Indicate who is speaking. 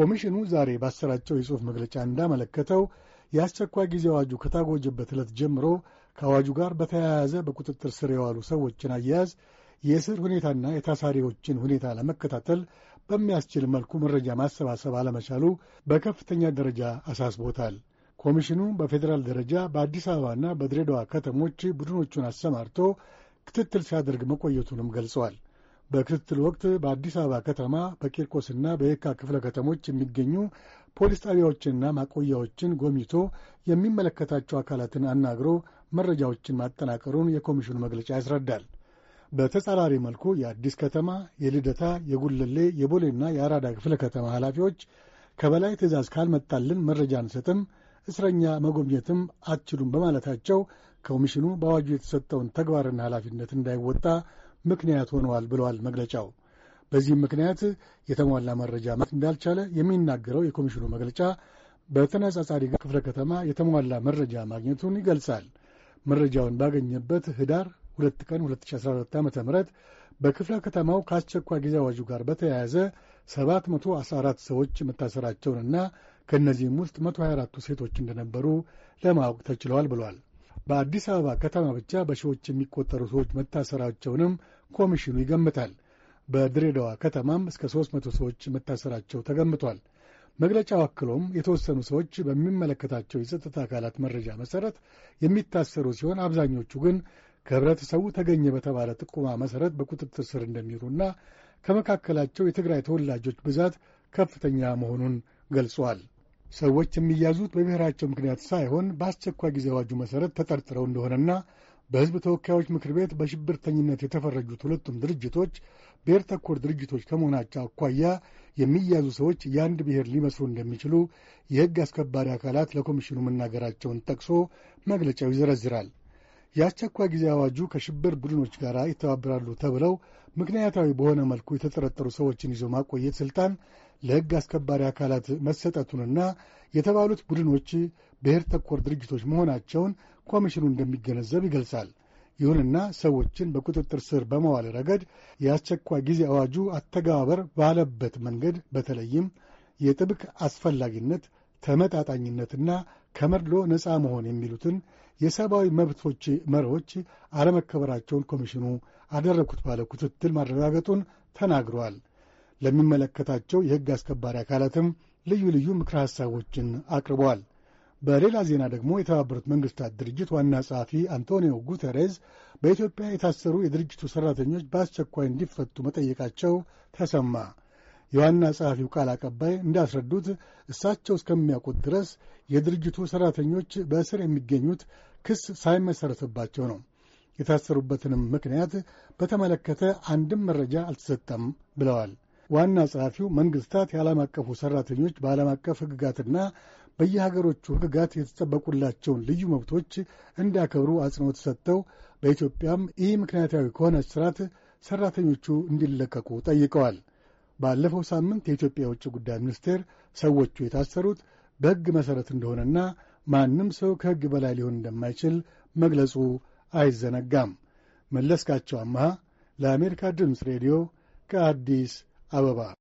Speaker 1: ኮሚሽኑ ዛሬ ባሰራጨው የጽሑፍ መግለጫ እንዳመለከተው የአስቸኳይ ጊዜ አዋጁ ከታጎጀበት ዕለት ጀምሮ ከአዋጁ ጋር በተያያዘ በቁጥጥር ስር የዋሉ ሰዎችን አያያዝ፣ የእስር ሁኔታና የታሳሪዎችን ሁኔታ ለመከታተል በሚያስችል መልኩ መረጃ ማሰባሰብ አለመቻሉ በከፍተኛ ደረጃ አሳስቦታል። ኮሚሽኑ በፌዴራል ደረጃ በአዲስ አበባና በድሬዳዋ ከተሞች ቡድኖቹን አሰማርቶ ክትትል ሲያደርግ መቆየቱንም ገልጸዋል። በክትትል ወቅት በአዲስ አበባ ከተማ በቂርቆስና በየካ ክፍለ ከተሞች የሚገኙ ፖሊስ ጣቢያዎችንና ማቆያዎችን ጎብኝቶ የሚመለከታቸው አካላትን አናግሮ መረጃዎችን ማጠናቀሩን የኮሚሽኑ መግለጫ ያስረዳል። በተጻራሪ መልኩ የአዲስ ከተማ፣ የልደታ፣ የጉለሌ፣ የቦሌና የአራዳ ክፍለ ከተማ ኃላፊዎች ከበላይ ትእዛዝ ካልመጣልን መረጃ አንሰጥም፣ እስረኛ መጎብኘትም አትችሉም በማለታቸው ኮሚሽኑ በአዋጁ የተሰጠውን ተግባርና ኃላፊነት እንዳይወጣ ምክንያት ሆነዋል ብለዋል መግለጫው። በዚህም ምክንያት የተሟላ መረጃ ማግኘት እንዳልቻለ የሚናገረው የኮሚሽኑ መግለጫ በተነጻጻሪ ክፍለ ከተማ የተሟላ መረጃ ማግኘቱን ይገልጻል። መረጃውን ባገኘበት ህዳር 2 ቀን 2014 ዓ ም በክፍለ ከተማው ከአስቸኳይ ጊዜ አዋጁ ጋር በተያያዘ 714 ሰዎች መታሰራቸውንና ከእነዚህም ውስጥ 124ቱ ሴቶች እንደነበሩ ለማወቅ ተችለዋል ብሏል። በአዲስ አበባ ከተማ ብቻ በሺዎች የሚቆጠሩ ሰዎች መታሰራቸውንም ኮሚሽኑ ይገምታል። በድሬዳዋ ከተማም እስከ ሦስት መቶ ሰዎች መታሰራቸው ተገምቷል። መግለጫው አክሎም የተወሰኑ ሰዎች በሚመለከታቸው የጸጥታ አካላት መረጃ መሠረት የሚታሰሩ ሲሆን አብዛኞቹ ግን ከህብረተሰቡ ተገኘ በተባለ ጥቁማ መሠረት በቁጥጥር ስር እንደሚውሉና ከመካከላቸው የትግራይ ተወላጆች ብዛት ከፍተኛ መሆኑን ገልጿል። ሰዎች የሚያዙት በብሔራቸው ምክንያት ሳይሆን በአስቸኳይ ጊዜ አዋጁ መሠረት ተጠርጥረው እንደሆነና በሕዝብ ተወካዮች ምክር ቤት በሽብርተኝነት የተፈረጁት ሁለቱም ድርጅቶች ብሔር ተኮር ድርጅቶች ከመሆናቸው አኳያ የሚያዙ ሰዎች የአንድ ብሔር ሊመስሉ እንደሚችሉ የሕግ አስከባሪ አካላት ለኮሚሽኑ መናገራቸውን ጠቅሶ መግለጫው ይዘረዝራል። የአስቸኳይ ጊዜ አዋጁ ከሽብር ቡድኖች ጋር ይተባበራሉ ተብለው ምክንያታዊ በሆነ መልኩ የተጠረጠሩ ሰዎችን ይዞ ማቆየት ስልጣን ለሕግ አስከባሪ አካላት መሰጠቱንና የተባሉት ቡድኖች ብሔር ተኮር ድርጅቶች መሆናቸውን ኮሚሽኑ እንደሚገነዘብ ይገልጻል። ይሁንና ሰዎችን በቁጥጥር ስር በመዋል ረገድ የአስቸኳይ ጊዜ አዋጁ አተገባበር ባለበት መንገድ በተለይም የጥብቅ አስፈላጊነት ተመጣጣኝነትና ከመድሎ ነፃ መሆን የሚሉትን የሰብአዊ መብቶች መሪዎች አለመከበራቸውን ኮሚሽኑ አደረግኩት ባለ ክትትል ማረጋገጡን ተናግረዋል። ለሚመለከታቸው የሕግ አስከባሪ አካላትም ልዩ ልዩ ምክረ ሐሳቦችን አቅርበዋል። በሌላ ዜና ደግሞ የተባበሩት መንግሥታት ድርጅት ዋና ጸሐፊ አንቶኒዮ ጉተሬዝ በኢትዮጵያ የታሰሩ የድርጅቱ ሠራተኞች በአስቸኳይ እንዲፈቱ መጠየቃቸው ተሰማ። የዋና ጸሐፊው ቃል አቀባይ እንዳስረዱት እሳቸው እስከሚያውቁት ድረስ የድርጅቱ ሠራተኞች በእስር የሚገኙት ክስ ሳይመሠረትባቸው ነው። የታሰሩበትንም ምክንያት በተመለከተ አንድም መረጃ አልተሰጠም ብለዋል። ዋና ጸሐፊው መንግስታት የዓለም አቀፉ ሠራተኞች በዓለም አቀፍ ሕግጋትና በየሀገሮቹ ሕግጋት የተጠበቁላቸውን ልዩ መብቶች እንዲያከብሩ አጽንኦት ሰጥተው በኢትዮጵያም ይህ ምክንያታዊ ከሆነ እስራት ሠራተኞቹ እንዲለቀቁ ጠይቀዋል። ባለፈው ሳምንት የኢትዮጵያ የውጭ ጉዳይ ሚኒስቴር ሰዎቹ የታሰሩት በሕግ መሠረት እንደሆነና ማንም ሰው ከሕግ በላይ ሊሆን እንደማይችል መግለጹ አይዘነጋም። መለስካቸው አማሃ ለአሜሪካ ድምፅ ሬዲዮ ከአዲስ አበባ